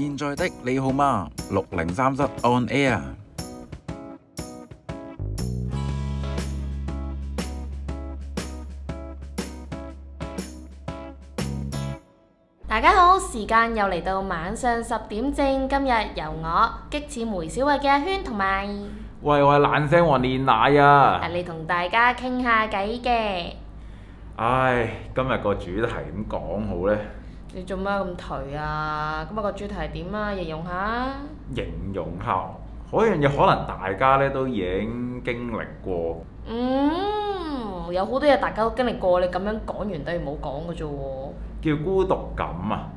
現在的你好嗎？六零三室 on air。大家好，時間又嚟到晚上十點正，今日由我激似梅小慧嘅阿圈同埋，喂我懶聲和煉奶啊！係你同大家傾下偈嘅。唉，今日個主題點講好呢？你做咩咁頹啊？咁啊個主題係點啊？形容下形容下，嗰樣嘢可能大家咧都已經經歷過。嗯，有好多嘢大家都經歷過。你咁樣講完等於冇講嘅啫喎。叫孤獨感啊？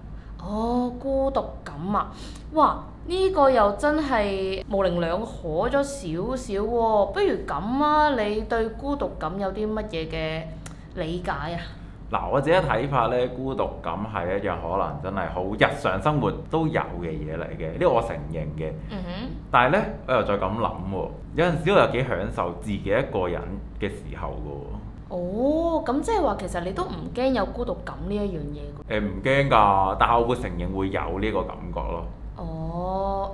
哦，孤獨感啊！哇，呢個又真係模棱兩可咗少少喎。不如咁啊，你對孤獨感有啲乜嘢嘅理解啊？嗱，我自己睇法呢，孤獨感係一樣可能真係好日常生活都有嘅嘢嚟嘅，呢個我承認嘅。嗯哼。但係呢，我又再咁諗喎，有陣時我又幾享受自己一個人嘅時候噶喎。哦，咁即係話其實你都唔驚有孤獨感呢一樣嘢嘅。誒，唔驚㗎，但係我會承認會有呢個感覺咯。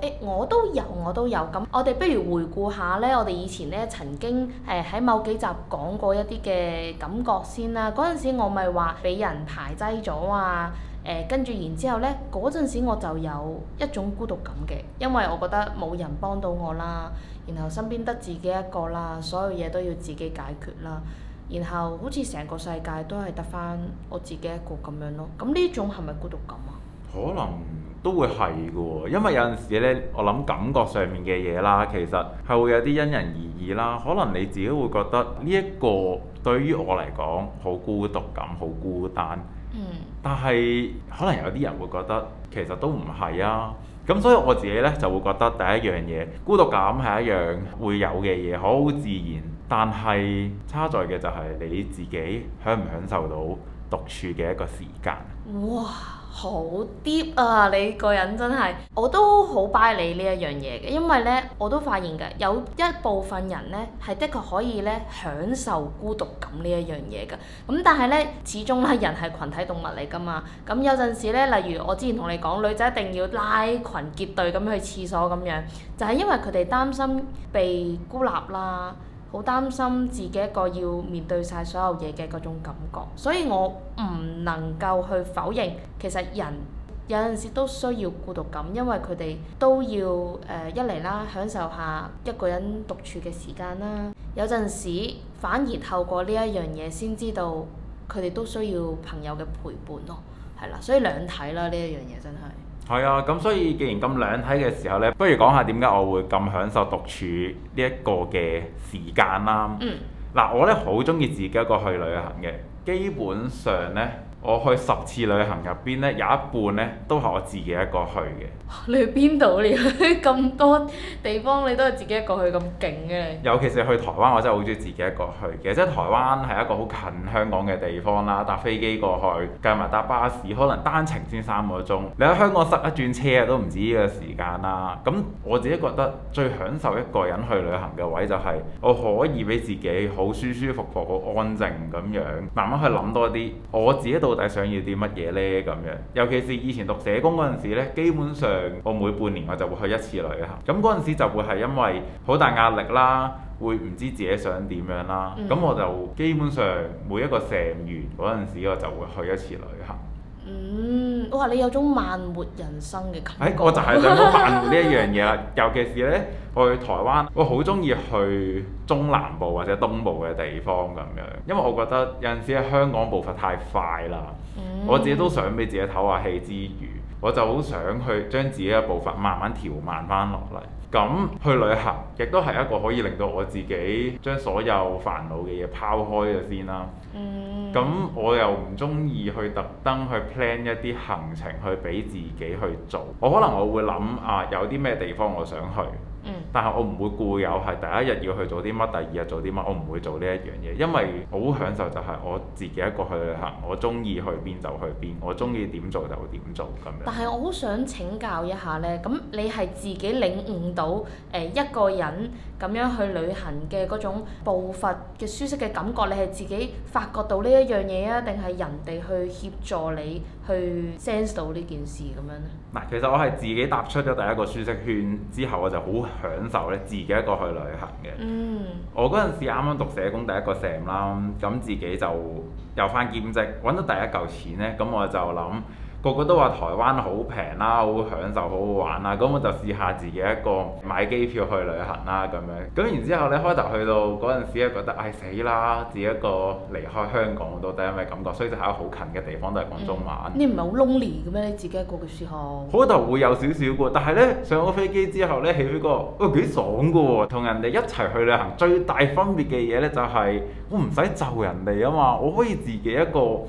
欸、我都有，我都有咁，我哋不如回顧下呢。我哋以前呢曾經誒喺、呃、某幾集講過一啲嘅感覺先啦。嗰陣時我咪話俾人排擠咗啊，呃、跟住然之後呢，嗰陣時我就有一種孤獨感嘅，因為我覺得冇人幫到我啦，然後身邊得自己一個啦，所有嘢都要自己解決啦，然後好似成個世界都係得返我自己一個咁樣咯。咁呢種係咪孤獨感啊？可能。都會係嘅喎，因為有陣時呢，我諗感覺上面嘅嘢啦，其實係會有啲因人而異啦。可能你自己會覺得呢一個對於我嚟講好孤獨感、好孤單。嗯。但係可能有啲人會覺得其實都唔係啊。咁所以我自己呢，嗯。就會覺得第一樣嘢孤獨感係一樣會有嘅嘢，好自然。但係差在嘅就係你自己享唔享受到獨處嘅一個時間。哇！好啲啊！你個人真係，我都好拜你呢一樣嘢嘅，因為呢，我都發現嘅有一部分人呢，係的確可以呢，享受孤獨感呢一樣嘢嘅，咁但係呢，始終呢，人係群體動物嚟噶嘛，咁有陣時呢，例如我之前同你講，女仔一定要拉群結隊咁去廁所咁樣，就係因為佢哋擔心被孤立啦。好擔心自己一個要面對晒所有嘢嘅嗰種感覺，所以我唔能夠去否認。其實人有陣時都需要孤獨感，因為佢哋都要誒、呃、一嚟啦，享受一下一個人獨處嘅時間啦。有陣時反而透過呢一樣嘢先知道佢哋都需要朋友嘅陪伴咯。係啦，所以兩睇啦，呢一樣嘢真係。係啊，咁所以既然咁兩睇嘅時候呢，不如講下點解我會咁享受獨處呢一個嘅時間啦。嗱、嗯，我呢好中意自己一個去旅行嘅，基本上呢。我去十次旅行入邊呢，有一半呢都係我自己一個去嘅。你去邊度？你去咁多地方，你都係自己一個去咁勁嘅。尤其是去台灣，我真係好中意自己一個去嘅。即係台灣係一個好近香港嘅地方啦，搭飛機過去，計埋搭巴士，可能單程先三個鐘。你喺香港塞一轉車啊，都唔止呢個時間啦。咁我自己覺得最享受一個人去旅行嘅位就係我可以俾自己好舒舒服服、好安靜咁樣慢慢去諗多啲。我自己到底想要啲乜嘢呢？咁樣，尤其是以前讀社工嗰陣時呢，基本上我每半年我就會去一次旅行。咁嗰陣時就會係因為好大壓力啦，會唔知自己想點樣啦。咁我就基本上每一個成完嗰陣時，我就會去一次旅行。嗯，我話你有種慢活人生嘅感覺。我就係想慢活呢一樣嘢啦， 尤其是呢，我去台灣，我好中意去中南部或者東部嘅地方咁樣，因為我覺得有陣時喺香港步伐太快啦，嗯、我自己都想俾自己唞下氣之餘。我就好想去將自己嘅步伐慢慢調慢翻落嚟，咁去旅行亦都係一個可以令到我自己將所有煩惱嘅嘢拋開咗先啦。咁、嗯、我又唔中意去特登去 plan 一啲行程去俾自己去做，我可能我會諗啊，有啲咩地方我想去。但係我唔會固有係第一日要去做啲乜，第二日做啲乜，我唔會做呢一樣嘢，因為我好享受就係我自己一個去旅行，我中意去邊就去邊，我中意點做就點做咁樣。但係我好想請教一下呢，咁你係自己領悟到誒、呃、一個人咁樣去旅行嘅嗰種步伐嘅舒適嘅感覺，你係自己發覺到呢一樣嘢啊，定係人哋去協助你去 sense 到呢件事咁樣呢？嗱，其實我係自己踏出咗第一個舒適圈之後，我就好享受咧自己一個去旅行嘅。嗯，我嗰陣時啱啱讀社工第一個 sem 啦，咁自己就又翻兼職揾到第一嚿錢咧，咁我就諗。個個都話台灣好平啦，好享受，好好玩啦。咁我就試下自己一個買機票去旅行啦。咁樣咁然之後呢，開頭去到嗰陣時咧，覺得唉、哎、死啦！自己一個離開香港，到底係咩感覺？所以就喺好近嘅地方都係講中文。嗯、你唔係好 lonely 嘅咩？你自己一個嘅時候？開頭會有少少嘅，但係呢，上咗飛機之後呢，起飛個，哇、欸、幾爽嘅喎！同人哋一齊去旅行，最大分別嘅嘢呢，就係、是、我唔使就人哋啊嘛，我可以自己一個。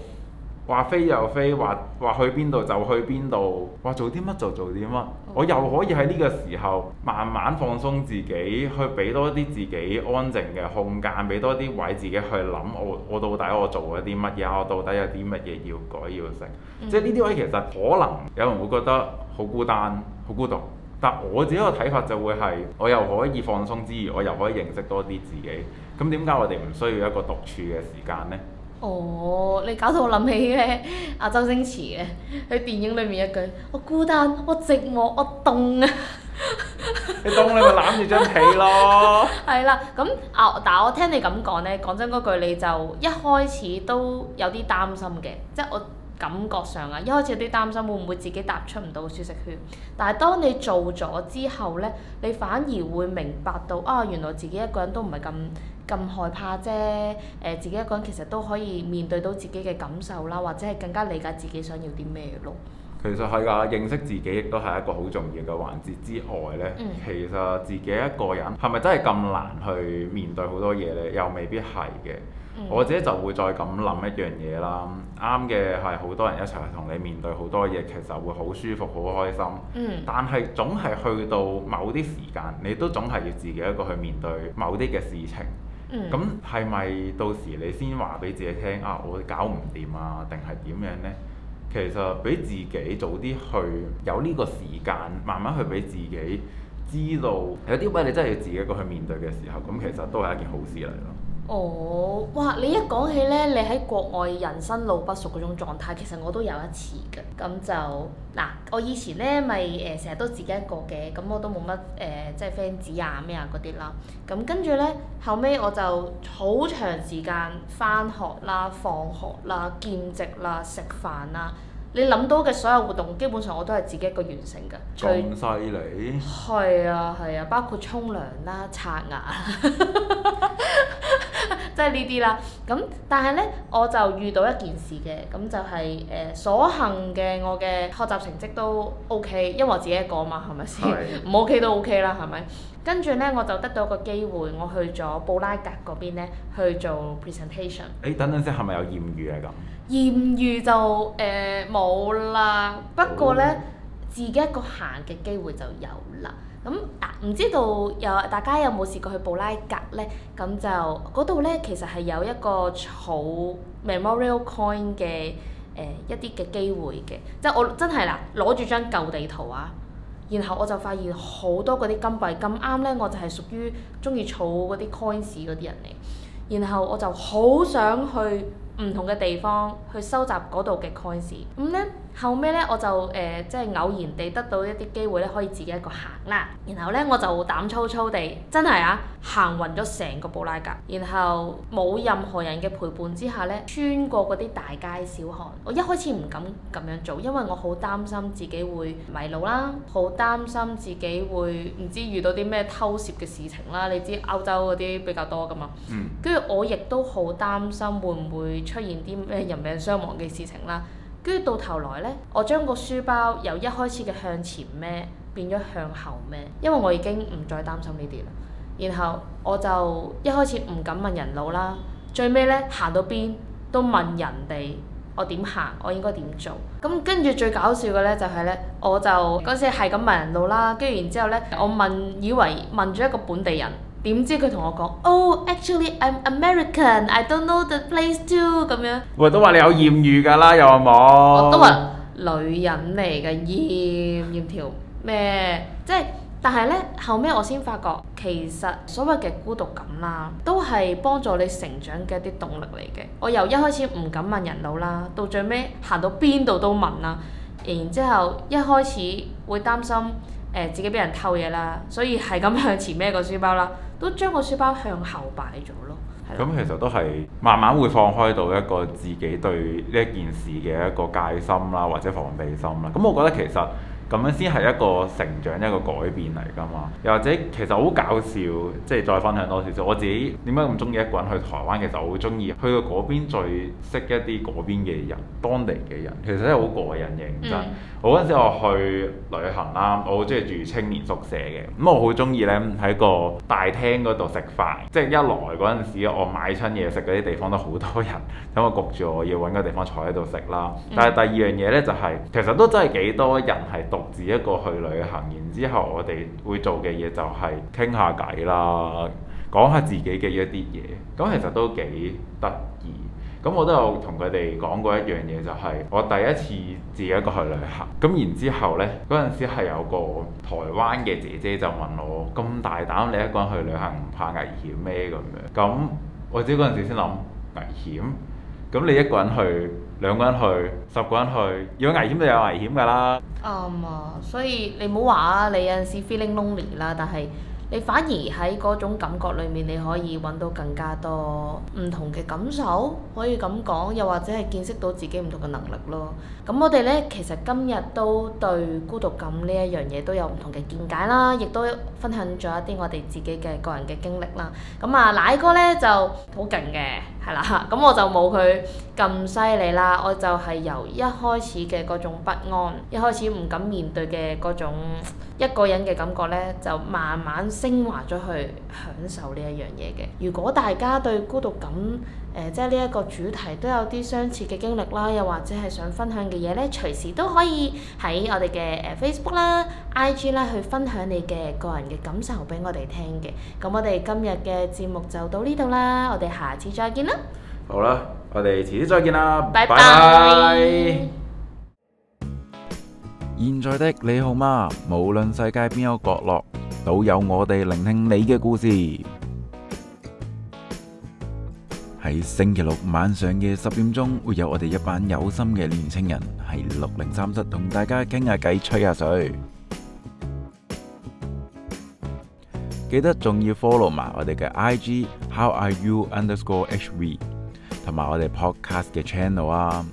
話飛又飛，話話去邊度就去邊度，話做啲乜就做啲乜。Oh。我又可以喺呢個時候慢慢放鬆自己，去俾多啲自己安靜嘅空間，俾多啲位自己去諗我我到底我做咗啲乜嘢，我到底有啲乜嘢要改要整。即係呢啲位其實可能有人會覺得好孤單、好孤獨，但我自己個睇法就會係，我又可以放鬆之餘，我又可以認識多啲自己。咁點解我哋唔需要一個獨處嘅時間呢？哦，你搞到我諗起咧，阿周星馳嘅喺電影裏面一句：我孤單，我寂寞，我凍啊！你凍你咪攬住張被咯。係啦，咁啊，但係我聽你咁講呢，講真嗰句你就一開始都有啲擔心嘅，即係我感覺上啊，一開始有啲擔心會唔會自己踏出唔到舒適圈。但係當你做咗之後呢，你反而會明白到啊，原來自己一個人都唔係咁咁害怕啫，誒、呃，自己一個人其實都可以面對到自己嘅感受啦，或者係更加理解自己想要啲咩咯。其實係㗎，認識自己亦都係一個好重要嘅環節之外呢。嗯、其實自己一個人係咪真係咁難去面對好多嘢呢？又未必係嘅。嗯、我自己就會再咁諗一樣嘢啦，啱嘅係好多人一齊同你面對好多嘢，其實會好舒服、好開心。嗯、但係總係去到某啲時間，你都總係要自己一個去面對某啲嘅事情。咁係咪到時你先話俾自己聽啊？我搞唔掂啊，定係點樣呢？其實俾自己早啲去有呢個時間，慢慢去俾自己知道有啲乜，你真係要自己過去面對嘅時候，咁其實都係一件好事嚟咯。哦，oh, 哇！你一講起咧，你喺國外人生路不熟嗰種狀態，其實我都有一次嘅。咁就嗱，我以前咧咪誒成日都自己一個嘅，咁、嗯、我都冇乜誒即係 friends 呀咩啊嗰啲啦。咁、啊、跟住咧，後尾我就好長時間返學啦、放學啦、兼職啦、食飯啦。你諗到嘅所有活動，基本上我都係自己一個完成嘅。咁犀利？係啊係啊，包括沖涼啦、刷牙、啊，即係呢啲啦。咁但係呢，我就遇到一件事嘅，咁就係、是、誒、呃、所幸嘅我嘅學習成績都 O、OK, K，因為我自己一個嘛，係咪先？唔 O K 都 O K 啦，係咪、OK OK？跟住呢，我就得到一個機會，我去咗布拉格嗰邊呢去做 presentation。誒、欸，等等先，係咪有豔遇啊咁？艷遇就誒冇啦，不過呢，嗯、自己一個行嘅機會就有啦。咁嗱，唔知道有大家有冇試過去布拉格呢？咁就嗰度呢，其實係有一個儲 memorial coin 嘅誒、呃、一啲嘅機會嘅，即係我真係啦，攞住張舊地圖啊，然後我就發現多好多嗰啲金幣。咁啱呢，我就係屬於中意儲嗰啲 coins 嗰啲人嚟，然後我就好想去。唔同嘅地方去收集嗰度嘅 coins 咁咧，後尾咧，我就誒、呃、即係偶然地得到一啲機會咧，可以自己一個行啦。然後咧，我就膽粗粗地，真係啊行匀咗成個布拉格，然後冇任何人嘅陪伴之下咧，穿過嗰啲大街小巷。我一開始唔敢咁樣做，因為我好擔心自己會迷路啦，好擔心自己會唔知遇到啲咩偷竊嘅事情啦。你知歐洲嗰啲比較多噶嘛？嗯。跟住我亦都好擔心會唔會。出現啲咩人命傷亡嘅事情啦，跟住到頭來呢，我將個書包由一開始嘅向前孭變咗向後孭，因為我已經唔再擔心呢啲啦。然後我就一開始唔敢問人路啦，最尾呢，行到邊都問人哋我點行，我應該點做。咁跟住最搞笑嘅呢，就係呢，我就嗰時係咁問人路啦，跟住然之後呢，我問以為問咗一個本地人。點知佢同我講，oh actually I'm American, I don't know the place too，咁樣。有有我都話你有艷遇㗎啦，有冇？我都話女人嚟嘅艷艷條咩？即係，但係呢，後尾我先發覺，其實所謂嘅孤獨感啦，都係幫助你成長嘅一啲動力嚟嘅。我由一開始唔敢問人老啦，到最尾行到邊度都問啦，然之後一開始會擔心。自己俾人偷嘢啦，所以係咁向前孭個書包啦，都將個書包向後擺咗咯。咁其實都係慢慢會放開到一個自己對呢一件事嘅一個戒心啦，或者防備心啦。咁我覺得其實～咁樣先係一個成長、一個改變嚟㗎嘛。又或者其實好搞笑，即係再分享多少少。我自己點解咁中意一個人去台灣？其實我好中意去到嗰邊，最識一啲嗰邊嘅人、當地嘅人。其實真係好過癮認真。嗯、我嗰陣時我去旅行啦，我好中意住青年宿舍嘅。咁我好中意呢，喺個大廳嗰度食飯。即係一來嗰陣時，我買親嘢食嗰啲地方都好多人，咁我焗住我要揾個地方坐喺度食啦。但係第二樣嘢呢，就係，其實都真係幾多人係獨自己一個去旅行，然之後我哋會做嘅嘢就係傾下偈啦，講下自己嘅一啲嘢，咁其實都幾得意。咁我都有同佢哋講過一樣嘢，就係我第一次自己一個去旅行。咁然之後呢，嗰陣時係有個台灣嘅姐姐就問我：咁大膽，你一個人去旅行唔怕危險咩？咁樣咁，我知嗰陣時先諗危險。咁你一個人去，兩個人去，十個人去，有危險就有危險㗎啦。啱啊，所以你唔好話啊，你有陣時 feeling lonely 啦，但係，你反而喺嗰種感覺裏面，你可以揾到更加多唔同嘅感受，可以咁講，又或者係見識到自己唔同嘅能力咯。咁我哋呢，其實今日都對孤獨感呢一樣嘢都有唔同嘅見解啦，亦都分享咗一啲我哋自己嘅個人嘅經歷啦。咁啊，奶哥呢就好勁嘅，係啦，咁我就冇佢咁犀利啦，我就係由一開始嘅嗰種不安，一開始唔敢面對嘅嗰種。一個人嘅感覺呢，就慢慢升華咗去享受呢一樣嘢嘅。如果大家對孤獨感，呃，即係呢一個主題都有啲相似嘅經歷啦，又或者係想分享嘅嘢呢，隨時都可以喺我哋嘅 Facebook 啦、IG 啦去分享你嘅個人嘅感受俾我哋聽嘅。咁我哋今日嘅節目就到呢度啦，我哋下次再見啦。好啦，我哋遲啲再見啦，拜拜 bye。Bye bye 現在的你好嗎？無論世界邊個角落，都有我哋聆聽你嘅故事。喺星期六晚上嘅十點鐘，會有我哋一班有心嘅年青人喺六零三室同大家傾下偈、吹下水。記得仲要 follow 埋我哋嘅 IG，How are you underscore hv，同埋我哋 podcast 嘅 channel 啊！